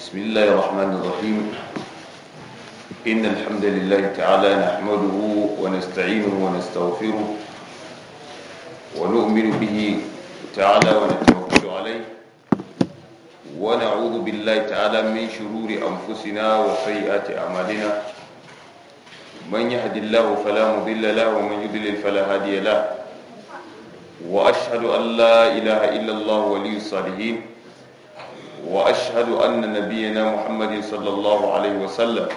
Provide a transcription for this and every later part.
بسم الله الرحمن الرحيم إن الحمد لله تعالى نحمده ونستعينه ونستغفره ونؤمن به تعالى ونتوكل عليه ونعوذ بالله تعالى من شرور أنفسنا وسيئات أعمالنا من يهد الله فلا مضل له ومن يضلل فلا هادي له وأشهد أن لا إله إلا الله ولي الصالحين واشهد ان نبينا محمد صلى الله عليه وسلم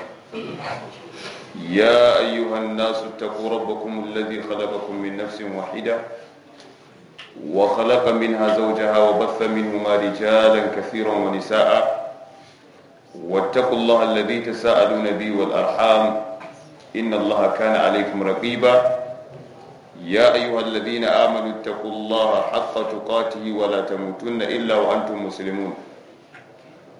يا ايها الناس اتقوا ربكم الذي خلقكم من نفس واحده وخلق منها زوجها وبث منهما رجالا كثيرا ونساء واتقوا الله الذي تساءلون به والارحام ان الله كان عليكم رقيبا يا أيها الذين آمنوا اتقوا الله حق تقاته ولا تموتن إلا وأنتم مسلمون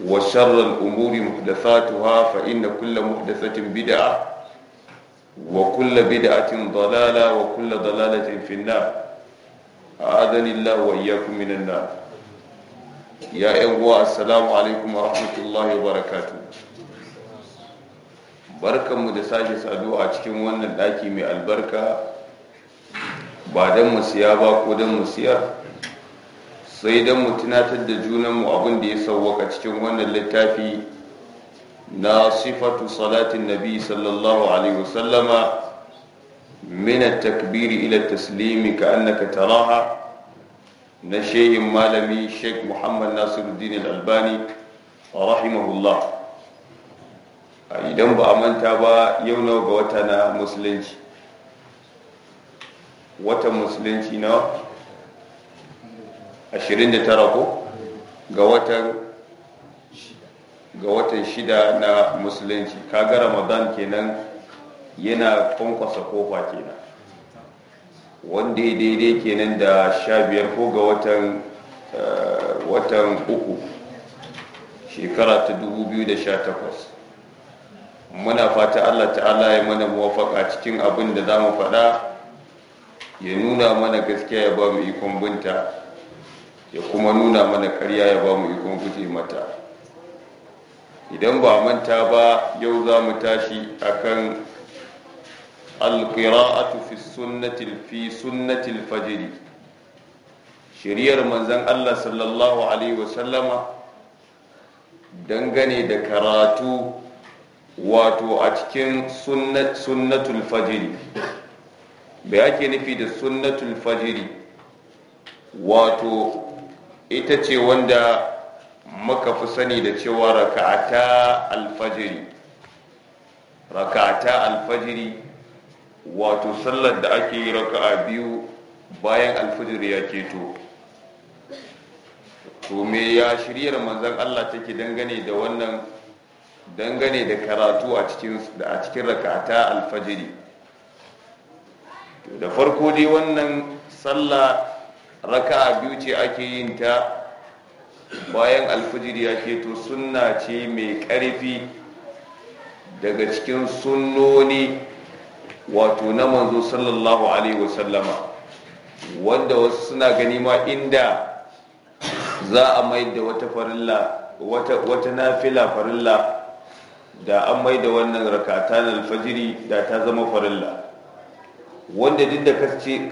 وشر الأمور محدثاتها فإن كل محدثة بدعة وكل بدعة ضلالة وكل ضلالة في النار أعاذني الله وإياكم من النار يا إخوة السلام عليكم ورحمة الله وبركاته بركة مدساجة سعدوء أتكم وانا الآكي من البركة بعد مسيابا قدم مسيابا sai don mu tunatar da junanmu abin da ya sauwaka cikin wannan littafi na sifatu salatin nabi sallallahu alaihi wasallama min takbiri ila taslimi ka annaka taraha na shehin malami sheikh muhammad nasiruddin al-albani rahimahullah idan ba a manta ba yau nawa ga wata na musulunci musulunci na 29 ko ga watan ga watan shida na musulunci kaga ramadan kenan yana kwankwasa kofa kenan wanda ya daidai kenan da sha biyar ko ga watan eh, watan uku shekara ta 2018 muna fata allah ta'ala ya mana muwafaka cikin abin da za mu faɗa ya nuna mana gaskiya ya ba mu ikon binta ya kuma nuna mana karya ya ba mu ikon guje mata idan ba manta ba yau za mu tashi akan alƙira'atu fi sunnatil fajiri shiriyar manzan allah sallallahu alaihi wasallama dangane da karatu wato a cikin sunnatul fajiri bai ake nufi da sunnatul fajiri wato ita ce wanda muka fi sani da cewa raka'ata alfajiri raka'ata alfajiri wato sallar da ake yi raka'a biyu bayan alfajiri ya keto to me ya shiryar manzon Allah take dangane da wannan dangane da karatu a cikin a cikin raka'ata alfajiri da farko dai wannan sallah raka biyu ce ake yin ta bayan alfajiri ya keto sunna ce mai ƙarfi daga cikin sunnoni wato na manzo sallallahu alaihi wasallama wanda wasu suna gani ma inda za a maida wata farilla wata nafila farilla da an mai da wannan rakatan alfajiri da ta zama farilla wanda duk da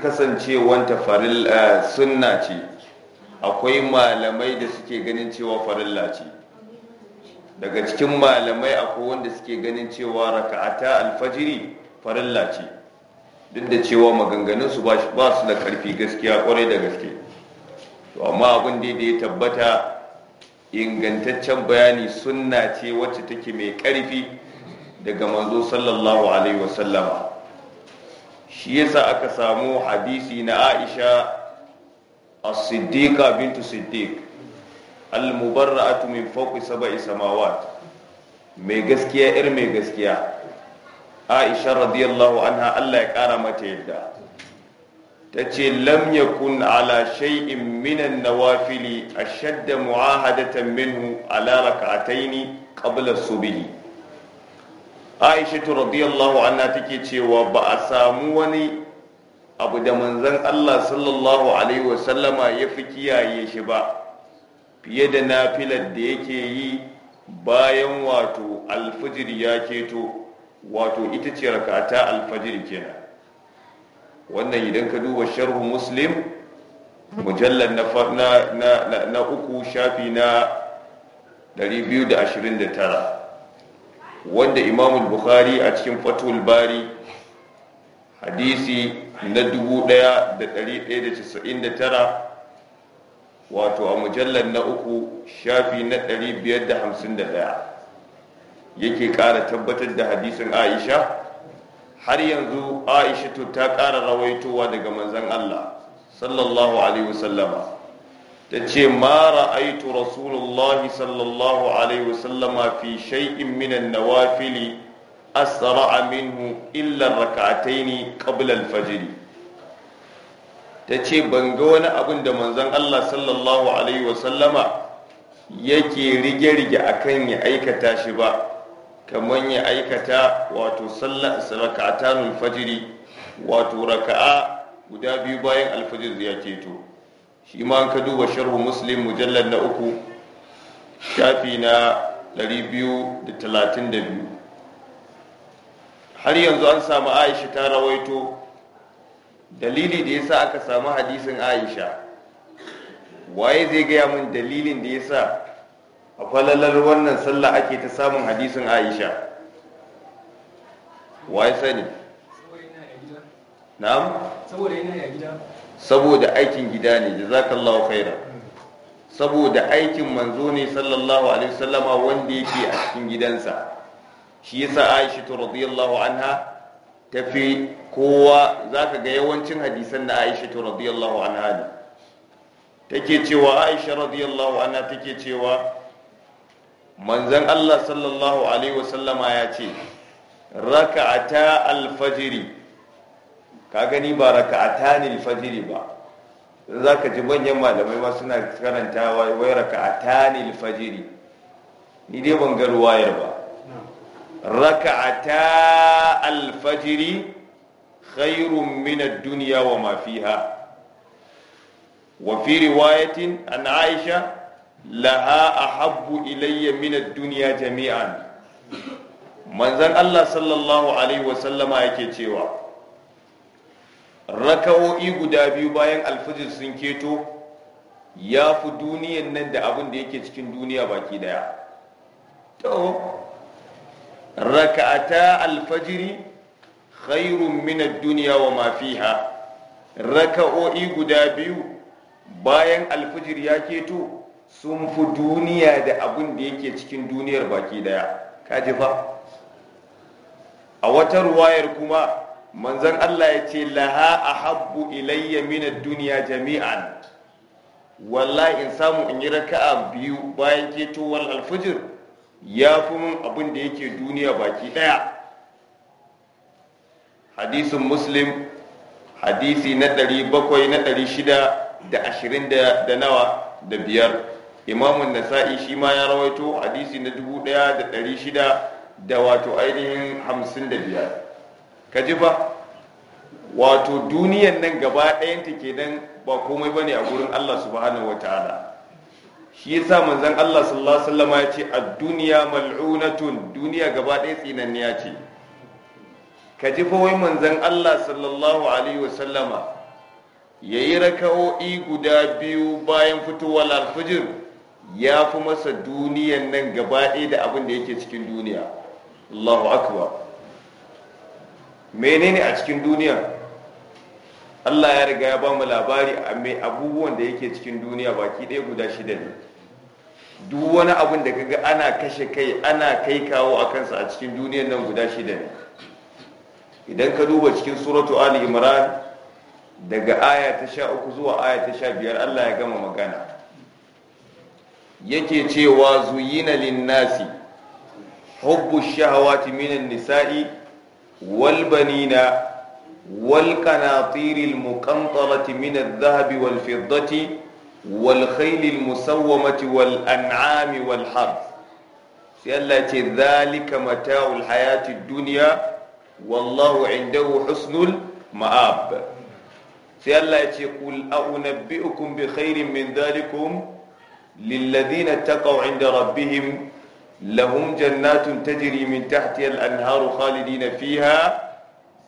kasancewanta eh, sunna ce akwai malamai da suke ganin cewa farilla ce daga cikin malamai akwai wanda suke ganin cewa raka'ata alfajiri farilla ce duk da cewa maganganunsu ba su da karfi gaskiya kwarai da gaske to amma abin da ya tabbata ingantaccen bayani sunna ce wacce take mai karfi daga manzo sallallahu alaihi wasallama shi yasa aka samu hadisi na aisha as-siddiqa bintu siddiq al-mubarra'atu min fawqi sab'i samawat mai gaskiya ir mai gaskiya aisha radiyallahu anha Allah ya kara mata yadda tace lam yakun ala shay'in min an-nawafili ashadda mu'ahadatan minhu ala rak'ataini qabla subhi aisha radiyallahu anha take cewa ba a samu wani abu da manzon Allah sallallahu alaihi wasallama ya fi kiyaye shi ba fiye da nafilar da yake yi bayan wato alfajir ya keto wato ita ce rakata alfajir kenan wannan idan ka duba sharhu muslim mujallar na uku shafi na 229 wanda imam bukhari a cikin fatul bari hadisi na 1199 wato a mujallar na uku shafi na 551 yake kara tabbatar da hadisin aisha har yanzu aisha ta kara rawaitowa daga manzan allah sallallahu alaihi wasallama ta ce ma ra'aitu rasulullahi sallallahu alaihi wasallama fi shay'in minan nawafili asra'a minhu illa rak'ataini qabla al-fajr ta ce ban ga wani abin da manzon Allah sallallahu alaihi wasallama yake rige-rige akan ya aikata shi ba kamar ya aikata wato sallar rak'atanul fajr wato raka'a guda biyu bayan alfajir ya to. shi ma an ka duba sharhu muslim mujallar na uku shafi na 232 har yanzu an samu aisha ta rawaito dalili da yasa aka samu hadisin aisha waye zai gaya min dalilin da yasa a falalar wannan sallah ake ta samun hadisin aisha waye sani na'am saboda yana ya gida saboda aikin gida ne jazakallahu khaira saboda aikin manzo ne sallallahu alaihi wasallama wanda yake a cikin gidansa shi yasa Aisha radiyallahu anha tafi kowa zaka ga yawancin hadisan na Aisha radiyallahu anha ne take cewa Aisha radiyallahu anha take cewa manzon Allah sallallahu alaihi wasallama ya ce raka'ata al-fajri ka gani ba raka'atani fajiri ba za ka ji manyan malamai ma suna karanta wai raka'atani fajiri ni dai ban ga ruwayar ba raka'ata alfajiri khairun min duniya dunya wa ma fiha wa fi riwayatin an Aisha laha ahabbu ilayya min duniya jami'an manzon Allah sallallahu alaihi Wasallama yake cewa raka'o'i guda biyu bayan alfijir sun keto ya fi duniyan nan da abin da yake cikin duniya baki daya to raka'ata alfajiri khairun min duniya wa ma fiha raka'o'i guda biyu bayan alfijir ya keto sun fi duniya da abin da yake cikin duniyar baki daya kaji fa a wata ruwayar kuma manzon Allah ya ce laha a habbu ilayya minar duniya jami'an wallahi in samu in yi raka'a biyu bayan ketowar alfijir ya fi mun abin da yake duniya baki daya hadisin muslim hadisi na 700 na 600 da nawa da biyar imamun nasa'i shi ma ya rawaito hadisi na 1600 da wato ainihin biyar. ka ji ba wato duniyan nan gaba ɗayanta kenan ba komai bane a gurin Allah subhanahu wa ta'ala. shi yasa manzon Allah sallallahu alaihi wasallam ya ce ad-dunya mal'unatun duniya gaba ɗaya tsinanniya ce ka ji fa wai manzon Allah sallallahu alaihi wasallama yayi raka'o'i guda biyu bayan fitowar alfijir ya fi masa duniyan nan gaba ɗaya da abin da yake cikin duniya Allahu akbar menene a cikin duniya Allah ya riga ya ba mu labari a mai abubuwan da yake cikin duniya baki ɗaya guda shida ne duk wani abin da kaga ana kashe kai ana kai kawo a kansa a cikin duniyan nan guda shida ne idan ka duba cikin suratu ali imran daga aya ta sha uku zuwa aya ta sha biyar Allah ya gama magana yake cewa zuyina linnasi hubbu shahawati minan nisa'i والبنين والقناطير المقنطرة من الذهب والفضة والخيل المسومة والأنعام والحرث سألت ذلك متاع الحياة الدنيا والله عنده حسن المآب سألت قل أنبئكم بخير من ذلكم للذين اتقوا عند ربهم lahum jannatun tajri min tahtiha al-anharu khalidina fiha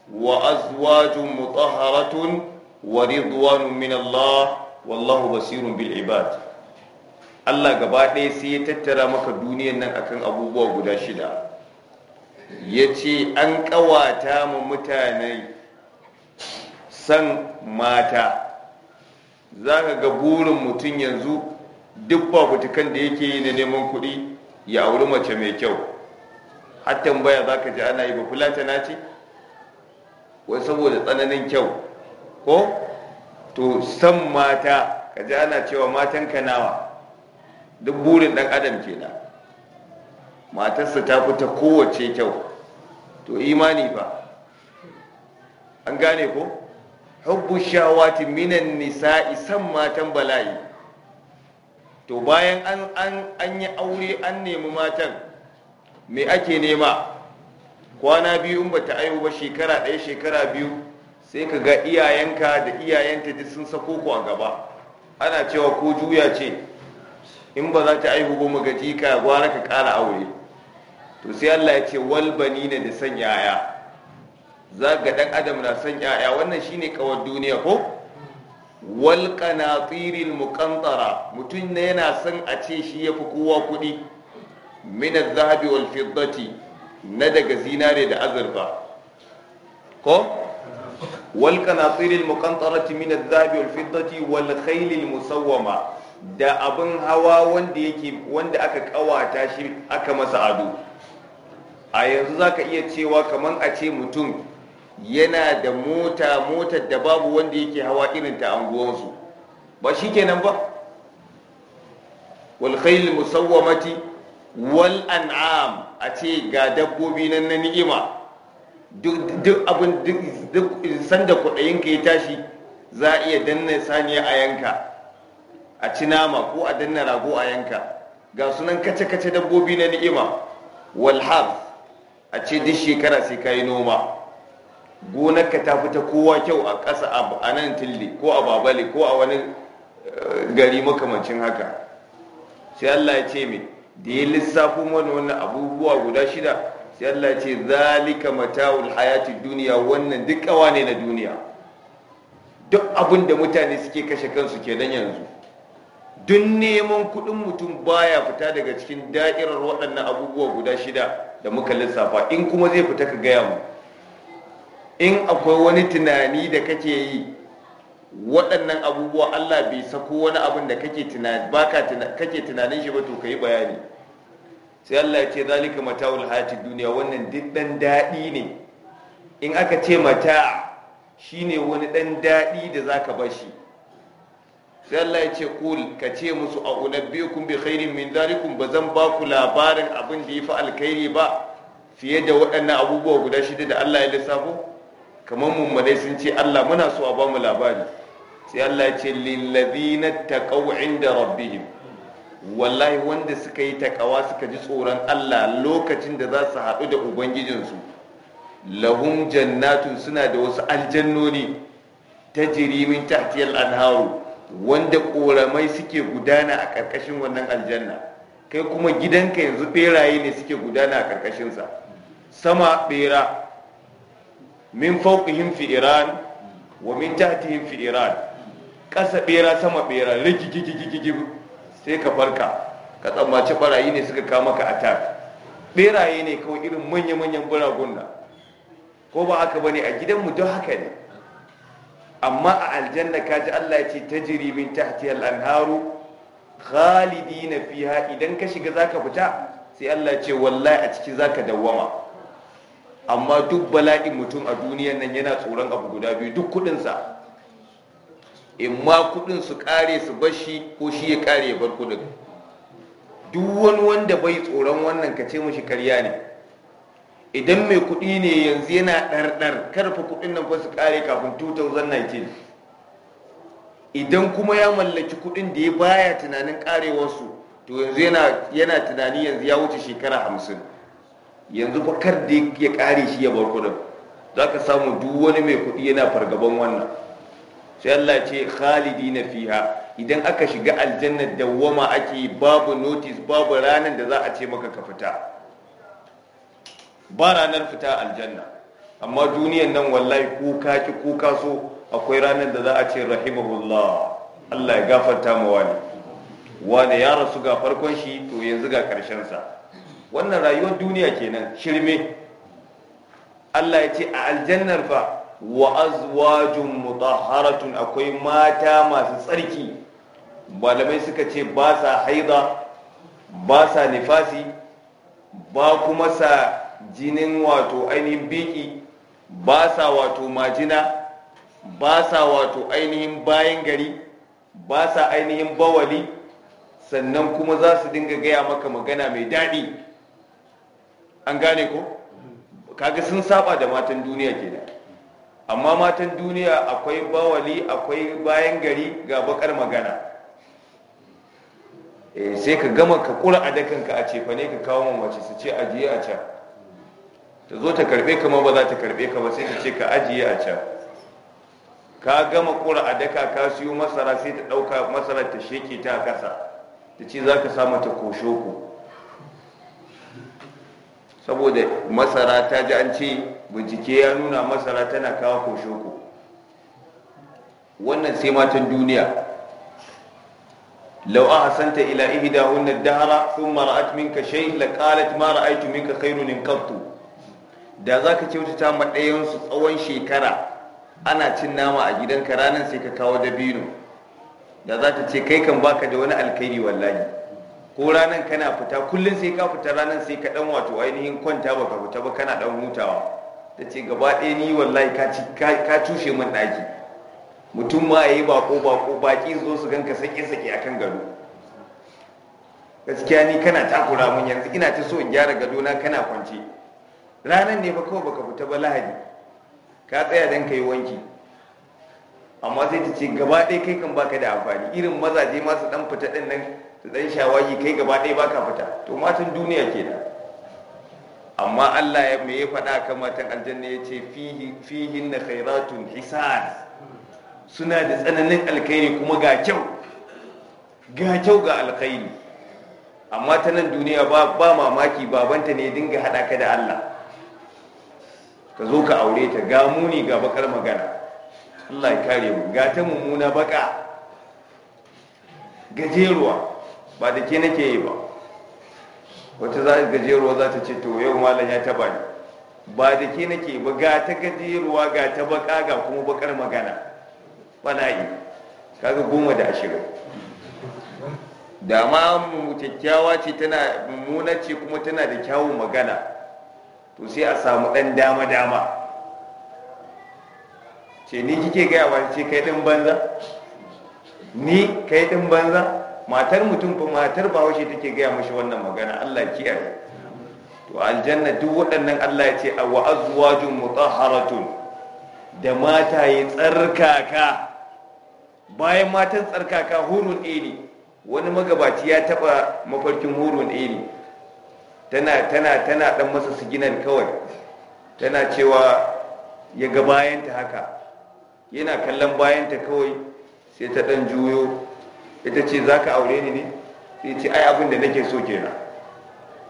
wa azwajun mutahharatun wa ridwanun min Allah wallahu basirun bil ibad Allah gaba ɗaya sai ya tattara maka duniyar nan akan abubuwa guda shida ya ce an ƙawata ma mutane san mata za ka ga burin mutum yanzu duk babutukan da yake yi na neman kuɗi ya auri mace mai kyau har tambaya za ka ji ana yi ba fulata na ce wai saboda tsananin kyau ko to san mata ka ji ana cewa matan kanawa duk burin ɗan adam ke na matarsa ta fita kowace kyau to imani ba an gane ko hubbu shawati minan nisa'i san matan bala'i to bayan an an an yi aure an nemi matan me ake nema kwana biyu in bata aihu ba shekara ɗaya shekara biyu sai ka ga iyayenka da iyayenta duk sun sako ku a gaba ana cewa ko juya ce in ba za ta aihu ba magaji ka gwara ka ƙara aure to sai Allah ya ce wal banina da san yaya za ga dan adam na son yaya wannan shine kawar duniya ko wal qanatiril muqantara mutum ne yana son a ce shi yafi kowa kuɗi min az-zahabi wal fiddati na daga zinare da azurfa ko wal qanatiril muqantarati min az-zahabi wal fiddati wal khaylil musawwama da abin hawa wanda yake wanda aka kawata shi aka masa ado a yanzu zaka iya cewa kaman a ce mutum yana da mota motar da babu wanda yake hawa irin ta anguwansu ba shi kenan ba walkhail musawwamati wal an'am a ce ga dabbobi nan na ni'ima duk abin duk sanda kudayen ka ya tashi za a iya danna saniya a yanka a ci nama ko a danna rago a yanka ga sunan kace-kace dabbobi na ni'ima wal a ce duk shekara sai ka noma gonarka ta fita kowa kyau a ƙasa a nan tilli ko a babale ko a wani eh, gari makamancin haka sai Allah ya ce mai da ya lissafo mana wannan abubuwa guda shida sai Allah ya ce zalika mata'ul duniya wannan duk kawa ne na duniya duk abin da mutane suke kashe kansu ke nan yanzu duk neman kuɗin mutum baya fita daga cikin da'irar waɗannan abubuwa guda shida da muka lissafa in kuma zai fita ka gaya mu in akwai wani tunani da kake yi waɗannan abubuwa Allah bai sako wani abin da kake tunani baka kake tunanin shi ba to kai bayani sai Allah ya ce zalika mata'ul hayatid duniya wannan duk dan dadi ne in aka ce mata shine wani dan dadi da zaka bashi sai Allah ya ce kul ka ce musu a unabbiikum bi khairin min zalikum bazan ba ku labarin abin da yafi alkhairi ba fiye da waɗannan abubuwa guda shida da Allah ya lissafo kamar mummalai sun ce Allah muna so a ba mu labari sai Allah ya ce lillazina taqaw inda rabbihim wallahi wanda suka yi takawa suka ji tsoron Allah lokacin da za su haɗu da ubangijinsu lahum jannatun suna da wasu aljannoni ta jirimin tahtiyar anharu wanda ƙoramai suke gudana a ƙarƙashin wannan aljanna kai kuma gidanka yanzu ɓeraye ne suke gudana a ƙarƙashinsa sama ɓera min fawqihim fi iran wa min tahtihim fi iran ƙasa bera sama bera rigigigigigi sai ka farka ka tsammaci barayi ne suka kama ka attack beraye ne kawai irin manya-manyan buragun nan ko ba haka bane a gidanmu duk haka ne amma a aljanna ka ji Allah ya ce tajri min tahtiha al-anharu khalidina fiha idan ka shiga zaka fita sai Allah ya ce wallahi a ciki zaka dawwama amma duk bala'in mutum a duniyan nan yana tsoron abu guda biyu duk kudinsa in ma kudin su kare su bashi ko shi ya kare ya bar kudin duk wani wanda bai tsoron wannan ka ce karya ne idan mai kudi ne yanzu yana ɗarɗar karfa kudin nan fa su kare kafin 2019 idan kuma ya mallaki kudin da ya baya tunanin karewarsu to yanzu yana tunani yanzu ya wuce shekara hamsin yanzu fa kar da ya kare shi ya bar kudin za ka samu duk wani mai kuɗi yana fargaban wannan sai Allah ce khalidi na fiha idan aka shiga da dawwama ake babu notis babu ranar da za a ce maka ka fita ba ranar fita aljanna amma duniyan nan wallahi kuka ki kuka so akwai ranar da za a ce rahimahullah Allah ya gafarta ma wani wani ya rasu ga farkon shi to yanzu ga karshen sa wannan rayuwar duniya kenan shirme Allah ya ce a aljannar fa wa azwajun mutahharatun akwai mata masu tsarki malamai suka ce ba sa haida ba sa nifasi ba kuma sa jinin wato ainihin biki ba sa wato majina ba sa wato ainihin bayan gari ba sa ainihin bawali sannan kuma za su dinga gaya maka magana mai daɗi an gane ko kaga sun saba da matan duniya kenan amma matan duniya akwai bawali akwai bayan gari ga bakar magana eh, sai ka gama ka kura a dakanka a cefa ne ka kawo mace su ce ajiye a can ta zo ta karbe ka ba za ta karbe ka ba sai ta ce ka ajiye a can ka gama kura a daka ka siyo masara sai ta ɗauka masara ta sheke ta kasa ta ce za ka samu ta kosho ku saboda masara ta ji an ce bincike ya nuna masara tana kawo koshoko wannan sai matan duniya ila أحسنت إلى إهداهن الدهر ثم رأت منك شيء لقالت ما رأيت منك خير قط da za ka kyautata ta ɗayansu tsawon shekara ana cin nama a gidanka ranar sai ka kawo dabino da za ta ce kai kan baka da wani alkhairi wallahi ko ranan kana fita kullum sai ka fita ranar sai ka dan wato ainihin kwanta ba ka fita ba kana dan hutawa ta ce gaba ɗaya ni wallahi ka cushe min ɗaki mutum ma yayi bako bako baki zo su ganka sake sake akan gado gaskiya ni kana takura mun yanzu ina ta so in gyara gado na kana kwance Ranar ne ba kawai baka fita ba lahadi ka tsaya dan kai wanki amma sai ta ce gaba ɗaya kai kan baka da amfani irin mazaje masu ɗan fita ɗin nan Da ɗan shawagi kai gaba ɗaya baka fita to matan duniya ke da. amma Allah ya me ya faɗa kan matan aljanna ya ce fihin na khairatun hisar suna da tsananin alkhairi kuma ga kyau ga kyau ga alkhairi amma ta nan duniya ba mamaki babanta ne dinga haɗa ka da Allah ka zo ka aure ta ga muni ga bakar magana Allah ya kare mu ga ta mummuna baka gajeruwa ba da ke nake yi ba wata za ta gajeruwa za ta ce to yau malam ya taba ni ba da ke nake ba ga ta gajeruwa ga ta baka ga kuma bakar magana Bana yi kaga goma da ashirin da ma kyakkyawa ce tana mummuna ce kuma tana da kyawun magana to sai a samu ɗan dama-dama ce ni kike gaya wani ce kai ɗin banza ni kai ɗin banza matar mutum fa matar ba bahaushe take gaya mashi wannan magana Allah kiyaye to aljanna duk waɗannan Allah ya ce wa azwajun mutahharatun da mata yi tsarkaka bayan matan tsarkaka hurun ini wani magabaci ya taba mafarkin hurun ini tana tana tana dan masa siginan kawai tana cewa ya ga bayanta haka yana kallon bayanta kawai sai ta dan juyo ita ce za ka aure ni ne sai ce ai abin da nake so kenan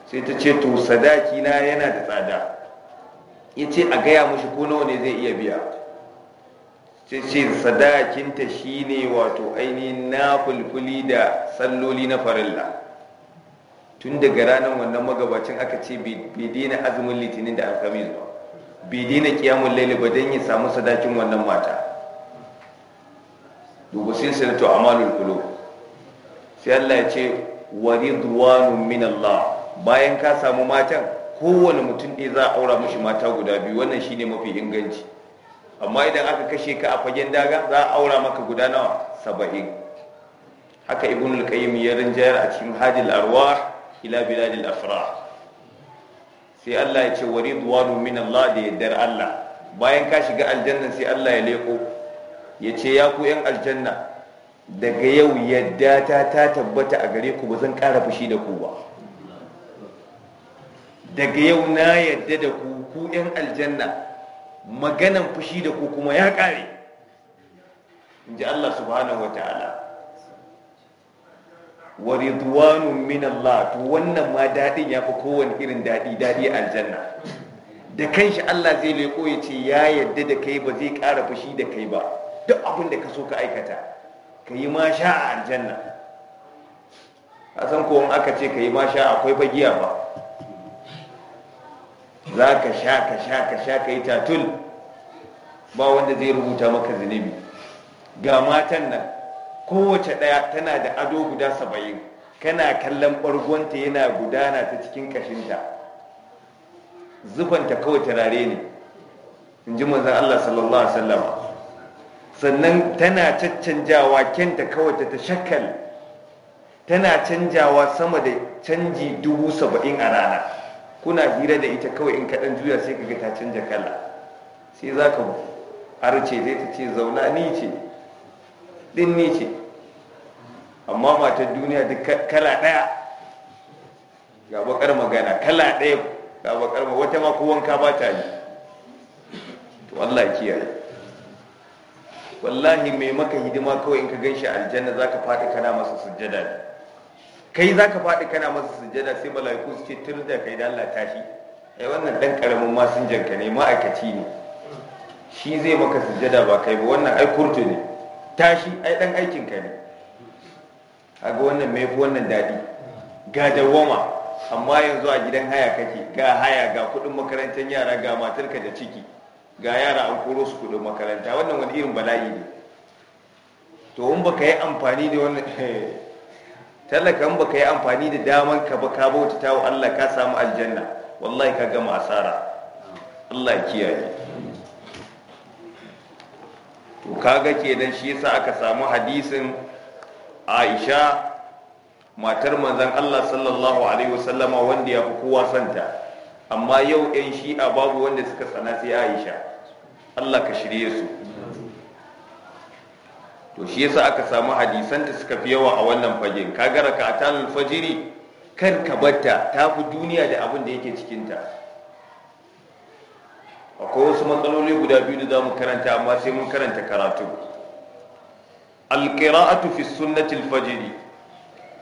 sai ta ce to sadaki na yana da tsada ya ce a gaya mushi ko nawa ne zai iya biya sai ce sadakinta shi ne wato ainihin na fulfuli da salloli na farilla tun daga ranar wannan magabacin aka ce bai daina azumin litinin da alhamis ba bai daina kiyamun laili ba don ya samu sadakin wannan mata dubu silsilatu amalul kulubu sai Allah ya ce wa ridwanun min Allah bayan ka samu matan kowane mutum ɗaya za a aura mashi mata guda biyu wannan shine mafi inganci amma idan aka kashe ka a fagen daga za a aura maka guda nawa saba'in haka ibn al-qayyim ya rinjayar a cikin hadil arwah ila biladil afrah sai Allah ya ce wa ridwanu min Allah da yaddar Allah bayan ka shiga aljanna sai Allah ya leko ya ce ya ku yan aljanna daga yau yadda ta ta tabbata a gare ku ba zan ƙara fushi da ku ba daga yau na yadda da ku ku 'yan aljanna maganan fushi da ku kuma ya ƙare in ji Allah subhanahu wa ta'ala wa ridwanu min Allah to wannan ma dadin ya fi kowane irin dadi daɗi aljanna da kanshi Allah zai leko ya ce ya yadda da kai ba zai ƙara fushi da kai ba duk abin da ka so ka aikata ka yi ma sha a aljanna a san ko aka ce ka yi ma sha akwai fagiya ba za ka sha ka sha ka sha ka yi tatul ba wanda zai rubuta maka zunubi ga matan nan kowace ɗaya tana da ado guda saba'in kana kallon ɓargonta yana gudana ta cikin kashinta zufanta kawai turare ne in ji manzan Allah sallallahu Alaihi wasallama sannan tana caccanjawa kenta kawai ta shakkal tana canjawa sama da canji dubu saba'in a rana kuna hira da ita kawai in kaɗan juya sai ga ta canja kala sai za ka harce zai ta ce zauna ni ce ɗin ni ce amma matar duniya duk kala ɗaya ga bakar magana kala ɗaya ga bakar wata ma ko ba ta yi to Allah kiyaye wallahi mai maka hidima kawai in ka gan shi aljanna za ka faɗi kana masa sujjada ne kai za ka faɗi kana masa sujjada sai mala'iku su ce tur da kai da Allah tashi ai wannan dan karamin masinjan ka ne ma'aikaci ne shi zai maka sujjada ba kai ba wannan ai kurtu ne tashi ai dan aikin ka ne kaga wannan mai fi wannan daɗi ga dawwama amma yanzu a gidan haya kake ga haya ga kuɗin makarantar yara ga matarka da ciki ga yara an koro su kudin makaranta wannan wani irin bala'i ne to in baka yi amfani da wannan eh, talaka in baka yi amfani da daman ka ba ka bauta tawo Allah ka samu aljanna wallahi ka gama asara Allah ya kiyaye to kaga kenan shi yasa aka samu hadisin Aisha matar manzon Allah sallallahu alaihi wasallama wanda ya fi kowa santa amma yau 'yan shi'a babu wanda suka sana sai aisha allah ka shirye su to shi yasa aka samu hadisanta suka fi yawa a wannan fagen ka gara ka fajiri kar ka batta ta fi duniya da abin da yake cikinta akwai wasu matsaloli guda biyu da za mu karanta amma sai mun karanta karatu alƙira'atu fi sunnatul fajiri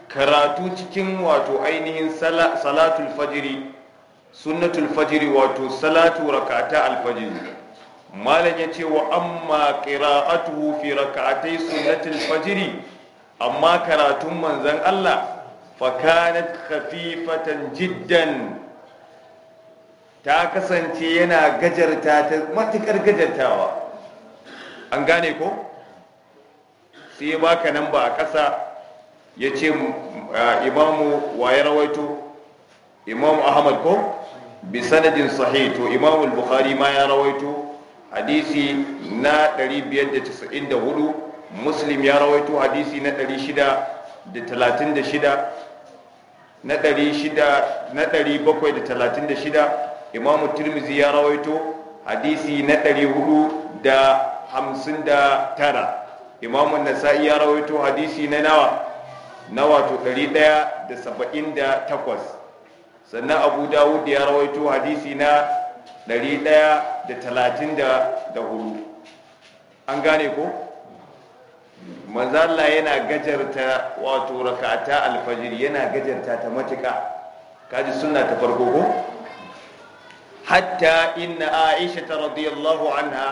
karatu cikin wato ainihin salatul fajiri sunnatul fajiri wato salatu rakata alfajiri malam ya ce wa amma qira'atuhu fi rak'atay sunnatul fajiri amma karatun manzon Allah fa kanat khafifatan jiddan ta kasance yana gajarta ta matukar gajartawa an gane ko sai baka nan ba a ƙasa ya ce ah, imamu waye rawaito imamu ahmad ko bi sanadin sahih to imam bukhari ma ya rawaito hadisi na 594 muslim ya rawaito hadisi na 636 na 600 na 736 imam tirmizi ya rawaito hadisi na da da hamsin 459 imam nasa'i ya rawaito hadisi na nawa na wato takwas. sannan abu dawud ya rawaito hadisi na 134 an gane ko manzala yana gajarta wato raka'ata alfajir yana gajarta ta matuka kaji suna ta farko ko hatta inna aisha ta radiyallahu anha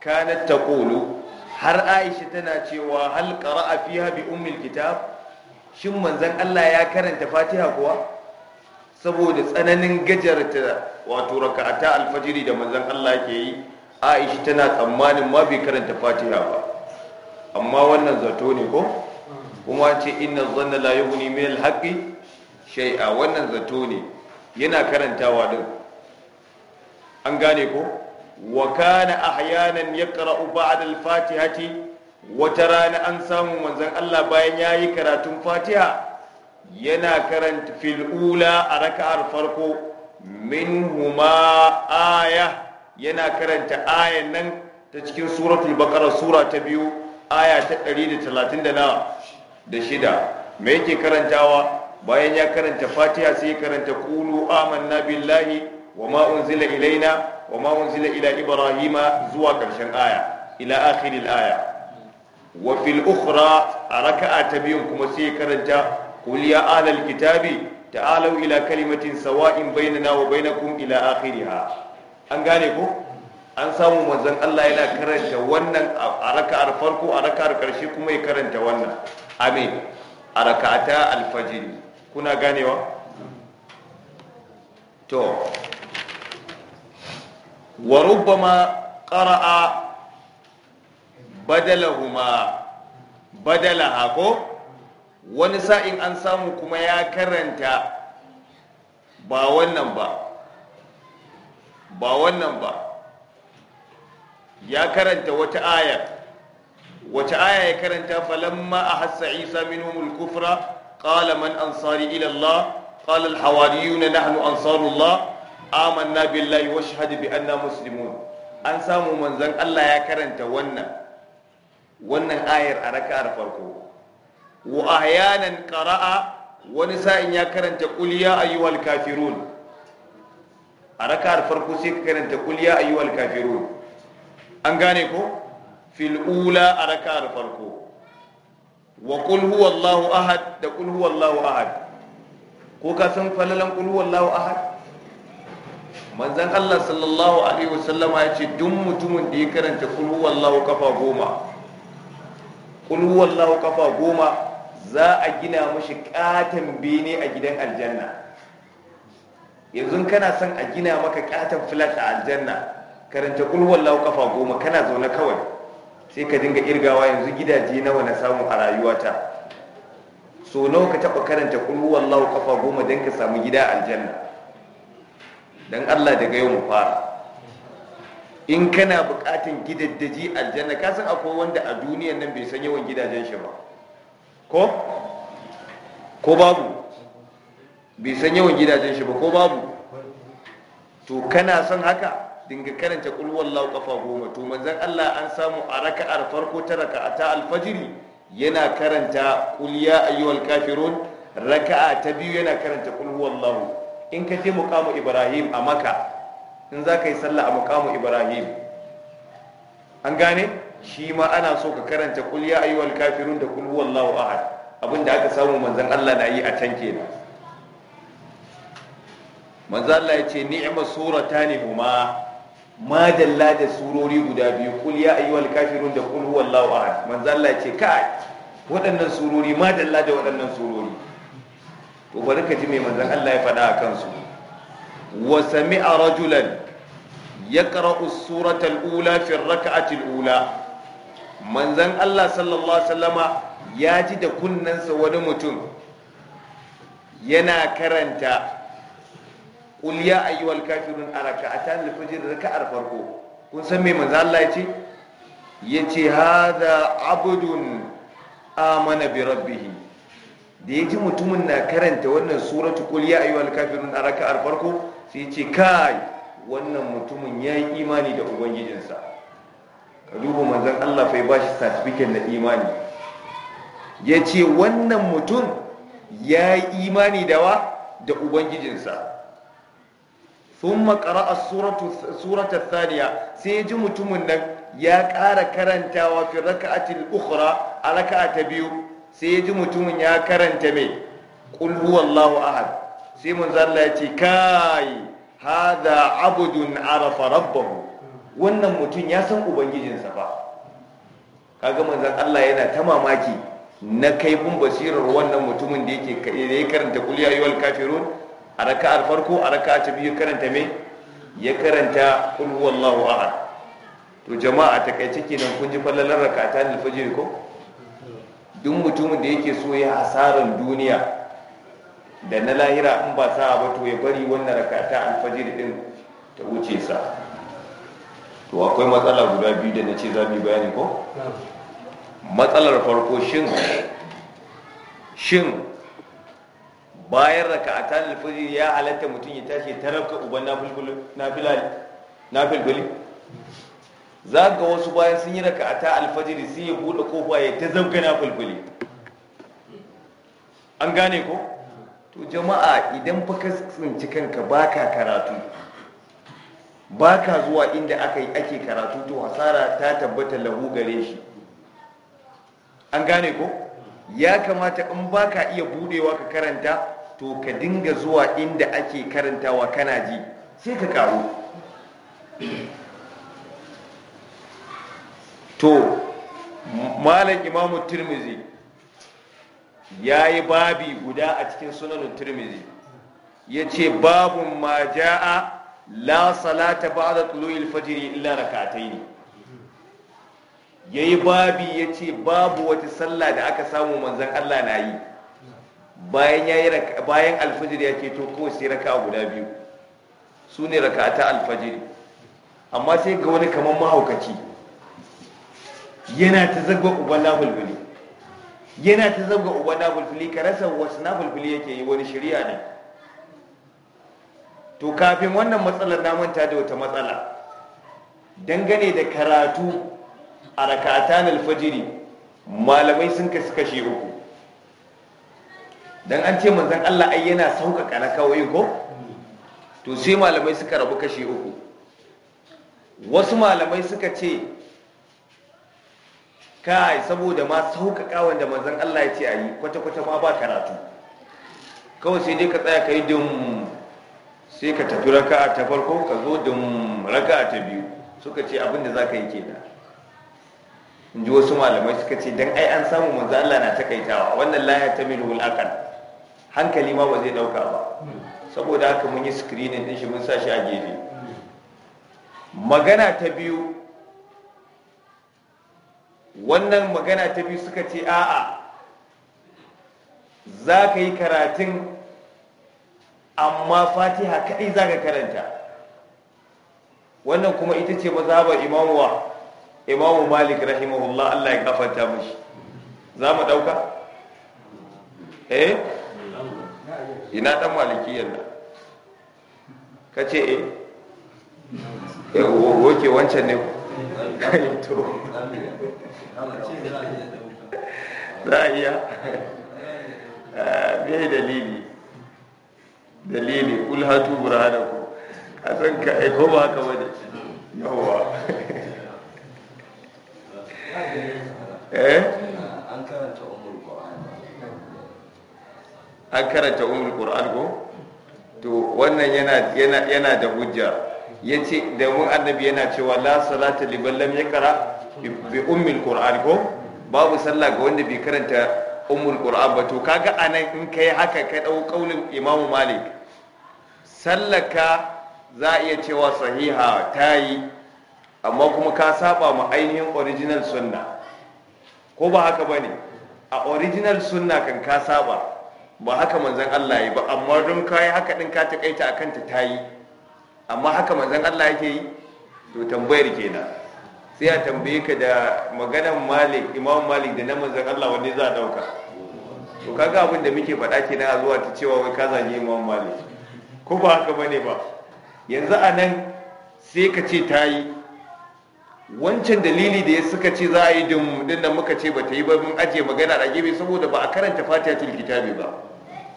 kanat taqulu har aisha tana cewa hal qara'a fiha bi ummil kitab shin manzon Allah ya karanta fatiha kuwa saboda tsananin gajarta wato raka'ata alfajiri da manzon Allah ke yi Aisha tana tsammanin ma bai karanta Fatiha ba amma wannan zato ne ko kuma ce inna zanna la yughni min al-haqqi shay'a wannan zato ne yana karantawa din an gane ko wa kana ahyanan yaqra'u ba'da al-fatihati wata rana an samu manzon Allah bayan yayi karatun Fatiha yana karanta fil'ula a raka'ar farko min huma aya yana karanta ayan nan ta cikin suratul bakara sura ta biyu aya ta 130 da shida me yake karantawa bayan ya karanta fatiha sai ya karanta qulu amanna billahi wa ma unzila ilaina wa ma unzila ila ibrahima zuwa karshen aya ila akhiril aya wa fil ukhra a raka'a ta biyun kuma sai ya karanta قل يا ahlal kitabi تعالوا ila kalimatin سواء بيننا wa bainakum ila akhiriha an gane ko an samu manzon Allah yana karanta wannan a raka'ar farko a karshe kuma ya karanta wannan amin a raka'ata alfajiri kuna ganewa to wa rubbama qara'a badalahuma badala hako wani sa'in an samu kuma ya karanta ba wannan ba ba wannan ba ya karanta wata aya wata aya ya karanta falamma a hassa isa minhumul kufra qala man ansari ila Allah na al an nahnu ansarullah amanna billahi washhad bi ana musulmun. an samu manzon Allah ya karanta wannan wannan ayar a raka'ar farko wa ahyanan qara'a wani sa'in ya karanta qul ya ayyuhal kafirun a raka'ar farko sai ka karanta qul ya ayyuhal kafirun an gane ko fil ula a raka'ar farko wa qul huwallahu ahad da qul huwallahu ahad ko ka san falalan qul huwallahu ahad manzan Allah sallallahu alaihi wasallama ya ce duk mutumin da ya karanta kul huwallahu kafa goma kul huwallahu kafa goma za a gina mashi katon bene a gidan aljanna yanzu kana son a gina maka katon flat a aljanna karanta kulwar laukafa goma kana zaune kawai sai ka dinga irgawa yanzu gidaje nawa na samu a rayuwata so nawa ka taba karanta kulwar laukafa goma don ka samu gida a aljanna don allah daga yau mu fara in kana bukatan gidaddaji aljanna kasan san akwai wanda a duniyan nan bai san yawan gidajen shi ba ko ko babu bai san yawan gidajen shi ba ko babu to kana son haka dinga karanta kul wallahu kafa goma to manzon Allah an samu a raka'ar farko ta raka'a ta alfajiri yana karanta kul ya ayyuhal kafirun raka'a ta biyu yana karanta kul wallahu in ka je muqamu ibrahim a maka in za ka yi sallah a muqamu ibrahim an gane shi ma ana so ka karanta kul ya ayyuhal kafirun da kul huwallahu ahad abinda aka samu manzon Allah na yi a can kenan manzon Allah ya ce ni'ma suratani huma ma dalla da surori guda biyu kul ya ayyuhal kafirun da kul huwallahu ahad manzon Allah ya ce kai waɗannan surori ma dalla da waɗannan surori to bari ka ji me manzon Allah ya faɗa a kansu wa sami'a rajulan yaqra'u as-surata al-ula fi ar-rak'ati al-ula manzan Allah sallallahu sallama ya ji da kunnensa wani mutum yana karanta ƙulya ayyuwal kafirun a da raka raka'ar farko kun san me manzan Allah ya ce ya ce hada abudun amana bi rabbihi da ya ji mutumin na karanta wannan suratu ƙulya ayyuwal kafirun a raka'ar farko sai ce kai wannan mutumin ya yi imani da ubangijinsa ka duba manzan Allah fa ba shi certificate na imani ya ce wannan mutum ya yi imani da wa da ubangijinsa sun makara a suratar saniya sai ya ji mutumin nan ya ƙara karantawa fi raka'atil ukhra a raka'a ta biyu sai ya ji mutumin ya karanta mai qul huwallahu ahad sai manzo Allah ya ce kai hadha abdun arafa rabbahu wannan mutum ya san ubangijinsa ba Ka kaga manzan Allah yana ta mamaki na kaifin basirar wannan mutumin da yake da ya karanta kul ya kafirun a raka'ar farko a raka'a ta biyu karanta me ya karanta kul huwallahu to jama'a takaice kenan kun ji fallalar rakata da fajr ko duk mutumin da yake so ya hasarar duniya da na lahira in ba sa ba to ya bari wannan rakata alfajir din ta wuce sa to akwai matsala guda biyu da na ce za mu yi bayani ko matsalar farko shin shin bayan raka a tanar ya halatta mutum ya tashi ta rabka uban nafilfili za ga wasu bayan sun yi raka a ta alfajiri sun yi buɗe kofa ya ta zauka na nafilfili an gane ko to jama'a idan fa ka tsinci kanka baka karatu ba ka zuwa inda aka ake karatu to hasara ta tabbata lahu gare shi an gane ko ya kamata in ba ka iya budewa ka karanta to ka dinga zuwa inda ake karantawa kana ji sai ka karu to malam imamu turmizi ya yi babi guda a cikin sunanin turmizi ya ce babun ma la salata ba da tulu'il fajr illa Ya yayi babi yace babu wata sallah da aka samu manzon Allah na yi bayan yayi bayan ke to ko sai raka guda biyu sune rak'ata alfajiri. amma sai ga wani kaman mahaukaci yana ta zagwa uban nafulfuli yana ta zagwa uban nafulfuli ka rasa wasu nafulfuli yake yi wani shari'a ne to kafin wannan matsalar na manta da wata matsala dangane da karatu a rakatan alfajiri malamai sun kasu kashe uku Don an ce manzan Allah ai yana sauƙaƙa na kawai ko to sai malamai suka rabu kashe uku wasu malamai suka ce kai saboda ma sauƙaƙa wanda manzan Allah ya ce a yi kwata-kwata ma ba karatu kawai sai dai ka tsaya ka yi dun sai ka tafi raka'a ta farko ka zo raka a ta biyu suka ce abin da za ka yi kenan in ji wasu malamai suka ce don ai an samu manzo Allah na takaitawa wannan layata ta mil al hankali ma ba zai dauka ba saboda haka mun yi screening din shi mun sa shi a gefe magana ta biyu wannan magana ta biyu suka ce a'a za ka yi karatun amma fatiha kaɗai za ka karanta wannan kuma ita ce mazhabar imamuwa imamu malik rahimahullah allah ya gafarta mashi za mu ɗauka eh ina ɗan maliki yadda. ka ce eh woke wancan ne to za a iya bai ah, dalili dalili kul hatu burhanaku ka san ka ai ko ba haka bane yawa eh an karanta umul qur'an ko to wannan yana yana yana da hujja yace da mun annabi yana cewa la salata liman lam yakra bi ummul qur'an ko babu sallah ga wanda bai karanta umul qur'an ba to kaga anan in kai haka ka dau kaulin imamu malik sallaka za a iya cewa sahiha ta yi amma kuma ka saba ma ainihin original sunna ko ba haka ba ne a original sunna kan ka saba ba haka manzan Allah yi ba amma don ka haka ɗin ka taƙaita a kanta ta yi amma haka manzan Allah yake yi to tambayar kenan sai a tambaye ka da maganan malik imam malik da na zan Allah wanne za a dauka to kaga abin da muke faɗa kenan a zuwa ta cewa wai ka zage imam malik ko ba haka bane ba yanzu a nan sai ka ce ta yi wancan dalili da ya suka ce za a yi din da muka ce ba ta yi ba mun ajiye magana a gefe saboda ba a karanta fatihatul kitabi ba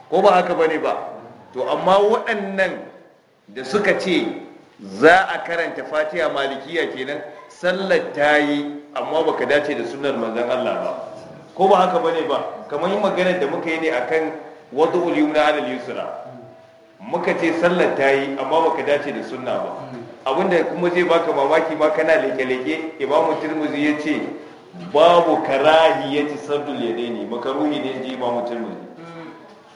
ko ba haka bane ba to amma waɗannan da suka ce za a karanta fatiha malikiya kenan sallar ta yi amma baka dace da sunar manzan Allah ba ko ba haka bane ba kamar yi maganar da muka yi ne akan wadul yumna ala yusra muka ce sallar ta yi amma baka dace da sunna ba abinda kuma zai baka mamaki ma kana leke-leke imamu tirmizi ya ce babu karahi ya ci sardul ya ne makaruhi ne ji imamu tirmizi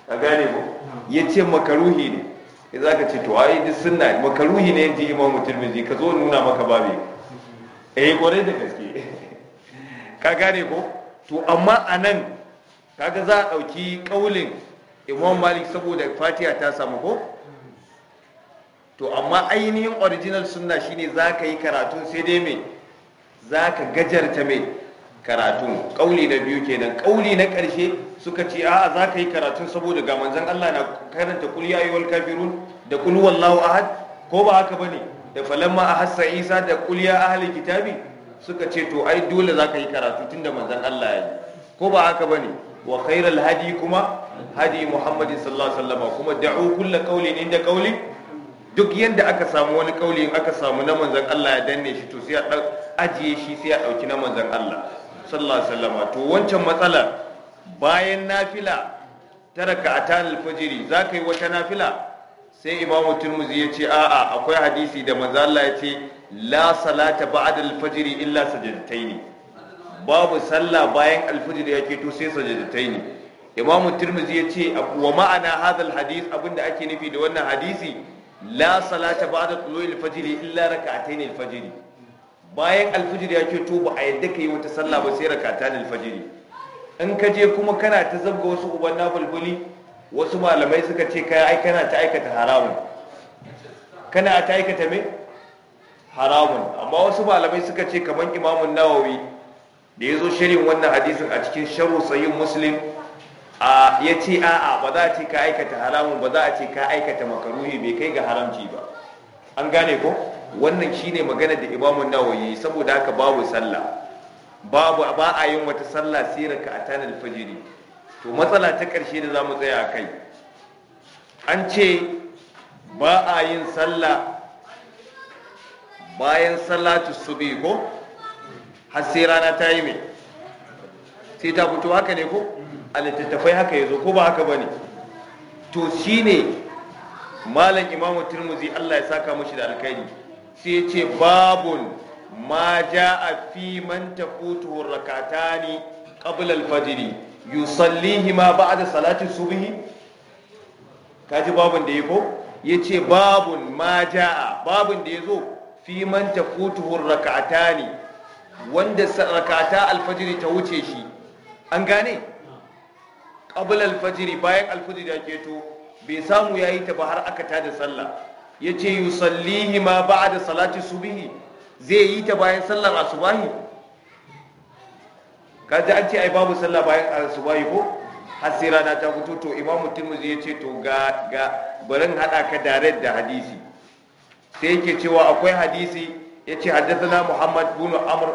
A gane ba. ya ce makaruhi ne ya za ka ce to ai duk sunna makaruhi ne ji imamu tirmizi ka zo nuna maka babu eh kwarai da gaske ka gane ko to amma a nan kaga za a ɗauki ƙaulin imam malik saboda fatiha ta samu ko to amma ainihin original sunna shine za ka yi karatun sai dai mai za ka gajarta mai karatun ƙauli na biyu kenan ƙauli na ƙarshe suka ce a za ka yi karatun saboda ga manzan allah na karanta kul ya ayyuhal kafirun da kul wallahu ahad ko ba haka bane da falamma a hassa isa da kuliya ahalin kitabi suka ce to ai dole za ka yi karatu tun da manzan allah ya yi ko ba haka ba ne wa khairal hadi kuma hadi muhammadin sallallahu alaihi wasallam kuma da'u kulla ne da qauli duk yanda aka samu wani kauli in aka samu na manzan allah ya danne shi to sai a ajiye shi sai a dauki na manzan allah sallallahu alaihi wasallam to wancan matsalar bayan nafila taraka atal fajiri za ka yi wata nafila sai imamu turmuzi ya ce a'a akwai hadisi da manzo ya ce la salata ba'da al-fajr illa sajadataini babu sallah bayan al-fajr ya to sai sajadataini imamu turmuzi ya ce wa ma'ana hadha al-hadith abinda ake nufi da wannan hadisi la salata ba'da tulu'il fajr illa rak'atayn al-fajr bayan al-fajr ya to ba a yadda kai wata sallah ba sai rak'atayn al-fajr in ka je kuma kana ta zabga wasu uban na bulbuli wasu malamai suka ce kai ai kana ta aikata haramun kana ta aikata me haramun amma wasu malamai suka ce kamar imamun nawawi da ya zo shirin wannan hadisin a cikin sharu sayin muslim a ya ce a'a ba za a ce ka aikata haramun ba za a ce ka aikata makaruhi bai kai ga haramci ba an gane ko wannan shine magana da imamun nawawi saboda haka babu sallah ba a yin wata sallah sai raka a tanar fajiri to matsala ta ƙarshe da za mu tsaya a kai an ce ba a yin sallah bayan salatu subi ko har sai rana ta yi mai sai ta fito haka ne ko a littattafai haka ya zo ko ba haka ba ne to shi ne malam imamu turmuzi allah ya saka mashi da alkhairi sai ce babun ma ja a fi manta tafutuhun rakatani qabla al yusallihi ma ba'da salati subhi kaji babun da Ya ce babun ma jaa babun da zo? fi man rakata ne. wanda rak'ata alfajiri ta wuce shi an gane qabla alfajiri bayan alfajiri da keto bai samu ya yi ta ba har aka da sallah yace yusallihi ma ba'da salati subhi zai yi ta bayan sallar asubahi kaji an ce ai babu sallah bayan asubahi ko har sai rana ta fito to imam tirmidhi yace ce to ga ga barin hada ka dare da hadisi sai yake cewa akwai hadisi yace haddathana muhammad bin amr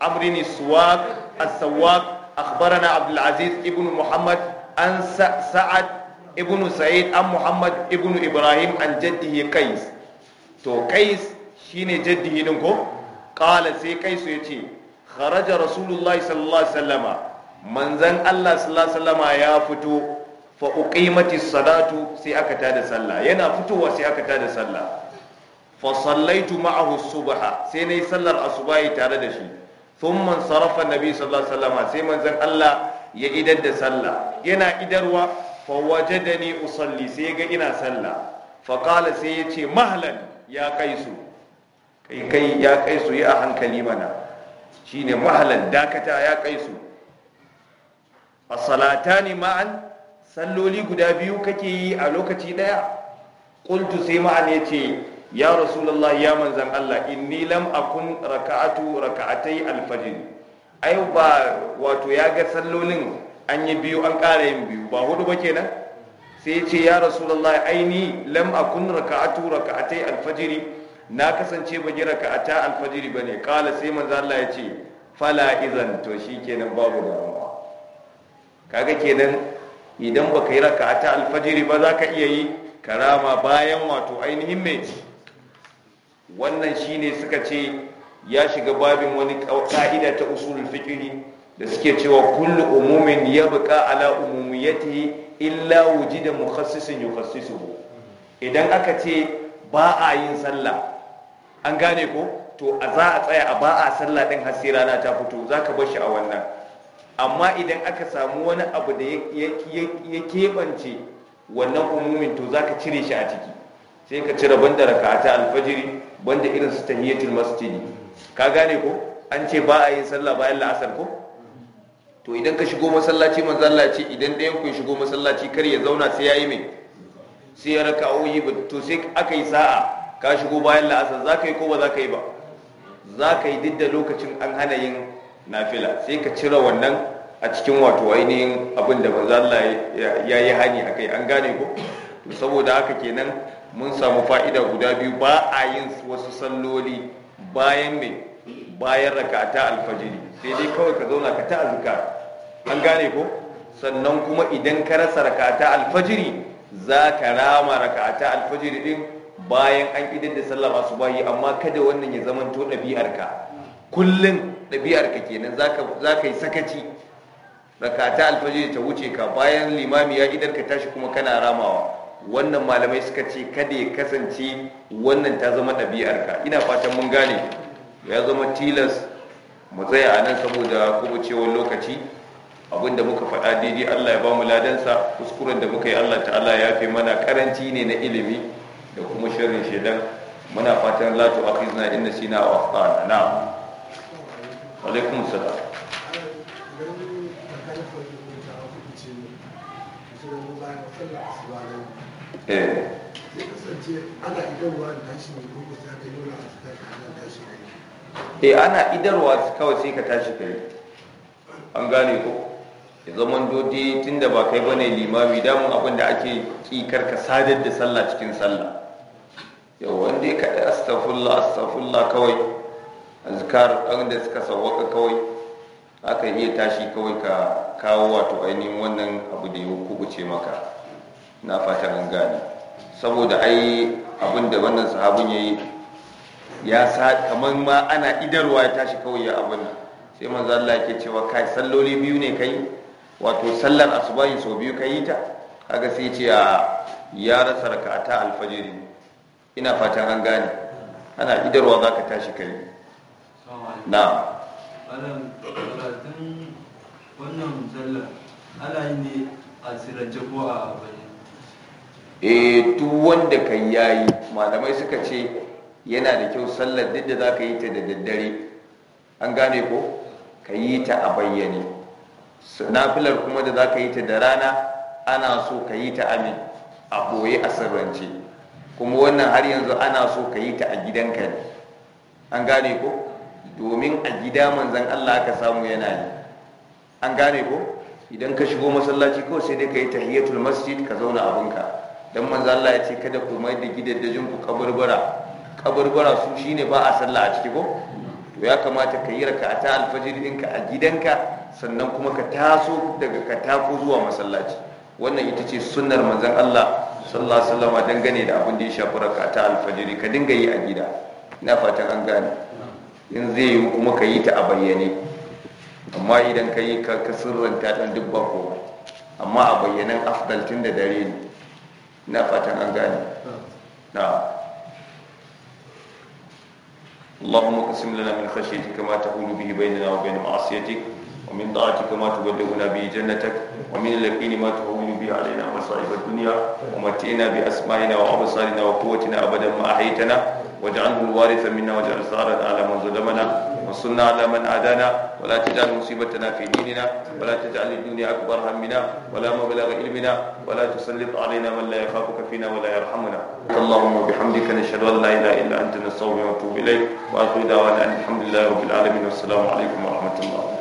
amrini suwaq as-sawaq akhbarana abdul aziz ibn muhammad an sa'ad ibn sa'id an muhammad ibn ibrahim an jaddihi qais to qais shine jaddihi din ko qala sai qais yace kharaja rasulullahi sallallahu alaihi wasallama manzan Allah sallallahu alaihi wasallama ya fito fa uqimati salatu sai aka tada sallah yana fitowa sai aka tada sallah fa sallaitu ma'ahu subha sai nayi sallar asubahi tare da shi thumma sarafa nabi sallallahu alaihi wasallama sai manzan Allah ya idar da sallah yana idarwa fa wajadani usalli sai ga ina sallah fa qala sai yace mahlan ya kaisu kai kai ya kaisu yi a hankali mana shine mahalan dakata ya kai su salata ne ma'an salloli guda biyu kake yi a lokaci daya qultu sai ma'an ce ya rasulullah ya manzan Allah inni lam akun raka'atu raka'atai al ai ba wato ya ga sallolin an yi biyu an ƙara yin biyu ba hudu ba kenan sai ce ya rasulullah aini lam akun raka'atu raka'atai al na kasance ba gira ka ta alfajiri ba ne kala sai manzo Allah ya ce fala izan to shi kenan babu damuwa kaga kenan idan baka yi raka a ta alfajiri ba za ka iya yi karama bayan wato ainihin mai wannan shi ne suka ce ya shiga babin wani ka'ida ta usulul fikiri da suke cewa kullu umumin ya buka ala umumiyatihi illa da mukhassisin yukhassisuhu idan aka ce ba a yin sallah an gane ko to a za a tsaya a ba a sallah din har sai rana ta fito za ka bar shi a wannan amma idan aka samu wani abu da ya keɓance wannan umumin to za ka cire shi a ciki sai ka cire banda raka'ata alfajiri banda irin su tahiyatul masjidi ka gane ko an ce ba a yi sallah bayan la'asar ko to idan ka shigo masallaci manzo Allah ce idan ɗayan ku shigo masallaci kar ya zauna sai yayi mai sai ya yi to sai aka yi sa'a ka shigo bayan la'asar za ka yi ko ba za ka yi ba za ka yi duk da lokacin an hana yin nafila sai ka cire wannan a cikin wato ainihin abin da manzo Allah ya yi hani kai, an gane ko to saboda haka kenan mun samu fa'ida guda biyu ba a yin wasu salloli bayan mai bayan rakata alfajiri sai dai kawai ka zauna ka ta azuka an gane ko sannan kuma idan ka rasa rakata alfajiri za ka rama rakata alfajiri din bayan an idar da sallah masu bayi amma kada wannan ya zama to ɗabi'arka kullum ɗabi'arka kenan za ka yi sakaci rakata alfajiri ta wuce ka bayan limami ya idar ka tashi kuma kana ramawa wannan malamai suka ce kada ya kasance wannan ta zama ɗabi'arka ina fatan mun gane ya zama tilas mu tsaya a nan saboda cewa lokaci abinda muka faɗa daidai allah ya ba mu ladansa kuskuren da muka yi allah ta'ala ya fi mana karanci ne na ilimi da kuma sharrin shedan muna fatan la tu akhizna zina inda shi na wa alaikum salam eh e ana idarwa kawai sai ka tashi kai an gane ko ya zama dodi tun da ba kai bane limami damun abin da ake ki ka sadar da sallah cikin sallah yau wanda ya kaɗa astagfirullah astagfirullah kawai azkar wanda suka sauwaka kawai aka iya tashi kawai ka kawo wato ainihin wannan abu da ya kubuce maka na fata an gane saboda ai abin da wannan sahabin ya yi ya sa kamar ma ana idarwa ya tashi kawai ya abin nan sai manzo Allah yake cewa kai salloli biyu ne kai wato sallar asubahi sau biyu kai ta kaga sai ce ya rasa raka'ata alfajiri ina fatan an gane ana idarwa za ka tashi kai. na wannan sallar ne a sirance ko a E, duk wanda ka yayi malamai suka ce yana da kyau sallar duk da za ka yi ta da daddare an gane ko ka yi ta a bayyane nafilar kuma da za ka yi ta da rana ana so ka yi ta amin a boye a sirrance kuma wannan har yanzu ana so ka yi ta a gidanka ne an gane ko domin a gida manzan Allah aka samu yana yi an gane ko idan ka shigo masallaci ko sai dai ka yi tahiyatul masjid ka zauna abinka dan manzan Allah ya ce kada ku mai da gidajen ku kabarbara kaburbura su shine ba a sallah a ciki ko to ya kamata ka yi raka'ata alfajir dinka a gidanka sannan kuma ka taso daga katako zuwa masallaci wannan ita ce sunnar manzan Allah sallallahu alaihi wasallam dangane da abin da ya shafi rakata alfajiri ka dinga yi a gida ina fatan an gane in zai yi kuma ka yi ta a bayyane amma idan ka yi ka sirranta dan duk ba komai amma a bayyanan afdal da dare ne ina fatan an gane na اللهم اقسم لنا من خشيتك ما تحول به بيننا وبين معصيتك ومن طاعتك ما تبلغنا به جنتك ومن اليقين ما تهون بها علينا مصائب الدنيا ومتئنا بأسمائنا وأبصارنا وقوتنا أبدا ما أحيتنا واجعله الوارث منا واجعل ثارنا على من ظلمنا وانصرنا على من عادانا ولا تجعل مصيبتنا في ديننا ولا تجعل الدنيا أكبر همنا ولا مبلغ علمنا ولا تسلط علينا من لا يخافك فينا ولا يرحمنا اللهم وبحمدك نشهد أن لا إله إلا أنت نستغفرك ونتوب إليك وأخذ دعوانا الحمد لله رب العالمين والسلام عليكم ورحمة الله